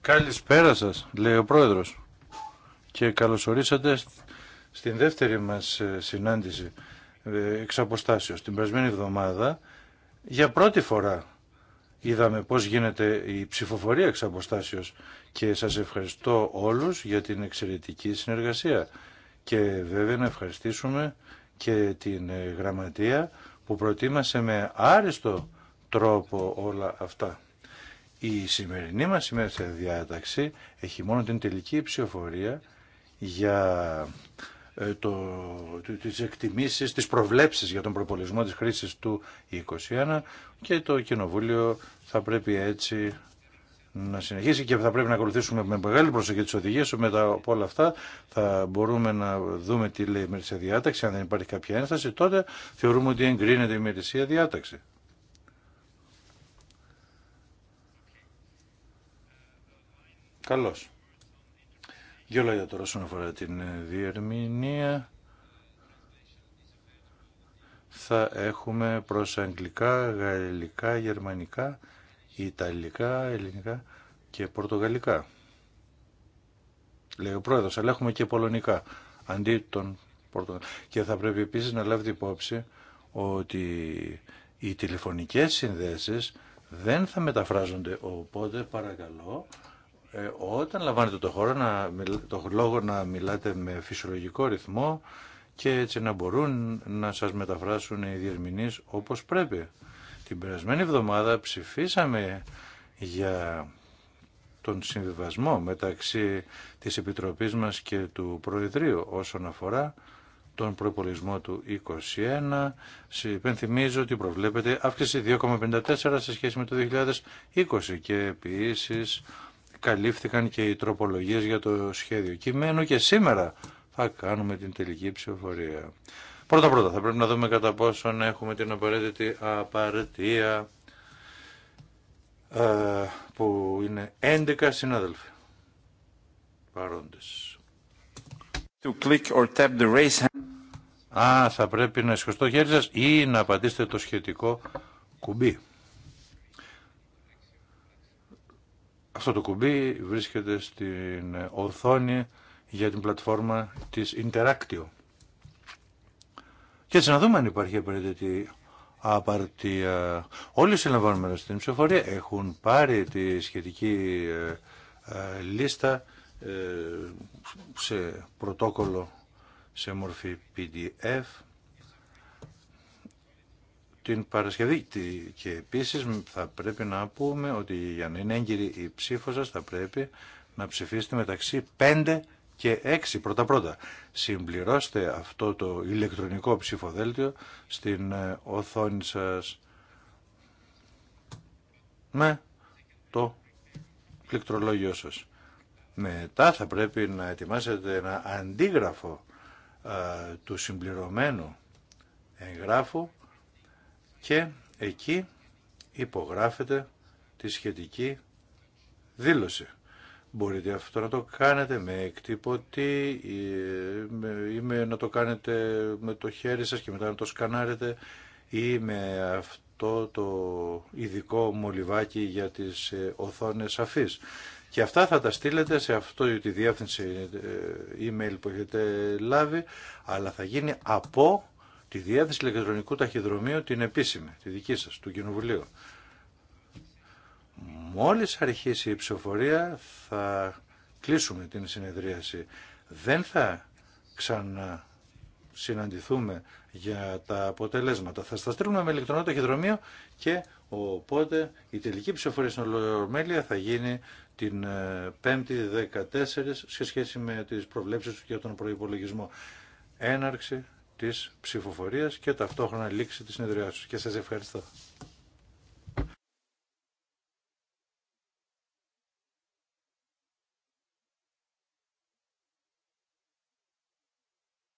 Καλησπέρα σας, λέει ο Πρόεδρος. Και καλωσορίσατε στην δεύτερη μας ε, συνάντηση ε, εξ αποστάσεως. Την περασμένη εβδομάδα, για πρώτη φορά είδαμε πώς γίνεται η ψηφοφορία εξ αποστάσεως και σας ευχαριστώ όλους για την εξαιρετική συνεργασία. Και βέβαια να ευχαριστήσουμε και την ε, γραμματεία που προτίμασε με άριστο τρόπο όλα αυτά. Η σημερινή μας ημέρα διάταξη έχει μόνο την τελική ψηφοφορία για ε, το, τις εκτιμήσεις, τις προβλέψεις για τον προπολισμό της χρήσης του 2021 και το Κοινοβούλιο θα πρέπει έτσι να συνεχίσει και θα πρέπει να ακολουθήσουμε με μεγάλη προσοχή τις οδηγίες. Μετά από όλα αυτά θα μπορούμε να δούμε τι λέει η ημερησία διάταξη. Αν δεν υπάρχει κάποια ένσταση τότε θεωρούμε ότι εγκρίνεται η ημερησία διάταξη. Καλώς. Δύο λόγια τώρα όσον αφορά την ε, διερμηνία. Θα έχουμε προς αγγλικά, γαλλικά, γερμανικά, ιταλικά, ελληνικά και πορτογαλικά. Λέει ο αλλά έχουμε και πολωνικά, αντί των πορτογαλικών. Και θα πρέπει επίσης να λάβετε υπόψη ότι οι τηλεφωνικές συνδέσεις δεν θα μεταφράζονται, οπότε παρακαλώ ε, όταν λαμβάνετε το, χώρο, να, το λόγο να μιλάτε με φυσιολογικό ρυθμό και έτσι να μπορούν να σας μεταφράσουν οι διερμηνείς όπως πρέπει. Την περασμένη εβδομάδα ψηφίσαμε για τον συμβιβασμό μεταξύ της Επιτροπής μας και του Προεδρείου όσον αφορά τον προπολισμό του 2021. Υπενθυμίζω ότι προβλέπεται αύξηση 2,54 σε σχέση με το 2020 και επίσης καλύφθηκαν και οι τροπολογίες για το σχέδιο κειμένου και σήμερα θα κάνουμε την τελική ψηφοφορία. Πρώτα πρώτα θα πρέπει να δούμε κατά πόσον έχουμε την απαραίτητη απαρτία ε, που είναι 11 συνάδελφοι παρόντες. To click or tap the race hand. Α, θα πρέπει να σηκωστώ χέρι σας ή να πατήσετε το σχετικό κουμπί. Αυτό το κουμπί βρίσκεται στην οθόνη για την πλατφόρμα της Interactio. Και έτσι να δούμε αν υπάρχει απαραίτητη απαρτία. Όλοι οι συλλαμβάνουμε στην ψηφοφορία έχουν πάρει τη σχετική ε, ε, λίστα ε, σε πρωτόκολλο σε μορφή PDF την Παρασκευή και επίσης θα πρέπει να πούμε ότι για να είναι έγκυρη η ψήφο σα θα πρέπει να ψηφίσετε μεταξύ 5 και 6 πρώτα πρώτα. Συμπληρώστε αυτό το ηλεκτρονικό ψηφοδέλτιο στην ε, οθόνη σας με το πληκτρολόγιο σας. Μετά θα πρέπει να ετοιμάσετε ένα αντίγραφο ε, του συμπληρωμένου εγγράφου και εκεί υπογράφεται τη σχετική δήλωση. Μπορείτε αυτό να το κάνετε με εκτυπωτή ε, ή με, να το κάνετε με το χέρι σας και μετά να το σκανάρετε ή με αυτό το ειδικό μολυβάκι για τις ε, οθόνες αφής. Και αυτά θα τα στείλετε σε αυτό τη διεύθυνση ε, email που έχετε λάβει, αλλά θα γίνει από τη διάθεση ηλεκτρονικού ταχυδρομείου την επίσημη, τη δική σας, του Κοινοβουλίου. Μόλις αρχίσει η ψηφοφορία θα κλείσουμε την συνεδρίαση. Δεν θα ξανασυναντηθούμε για τα αποτελέσματα. Θα στα με ηλεκτρονικό ταχυδρομείο και οπότε η τελική ψηφοφορία στην Ολομέλεια θα γίνει την 5η ε, 14 σε σχέση με τις προβλέψεις για τον προϋπολογισμό. Έναρξη της ψηφοφορίας και ταυτόχρονα λήξη της συνεδριάσεως. Και σας ευχαριστώ.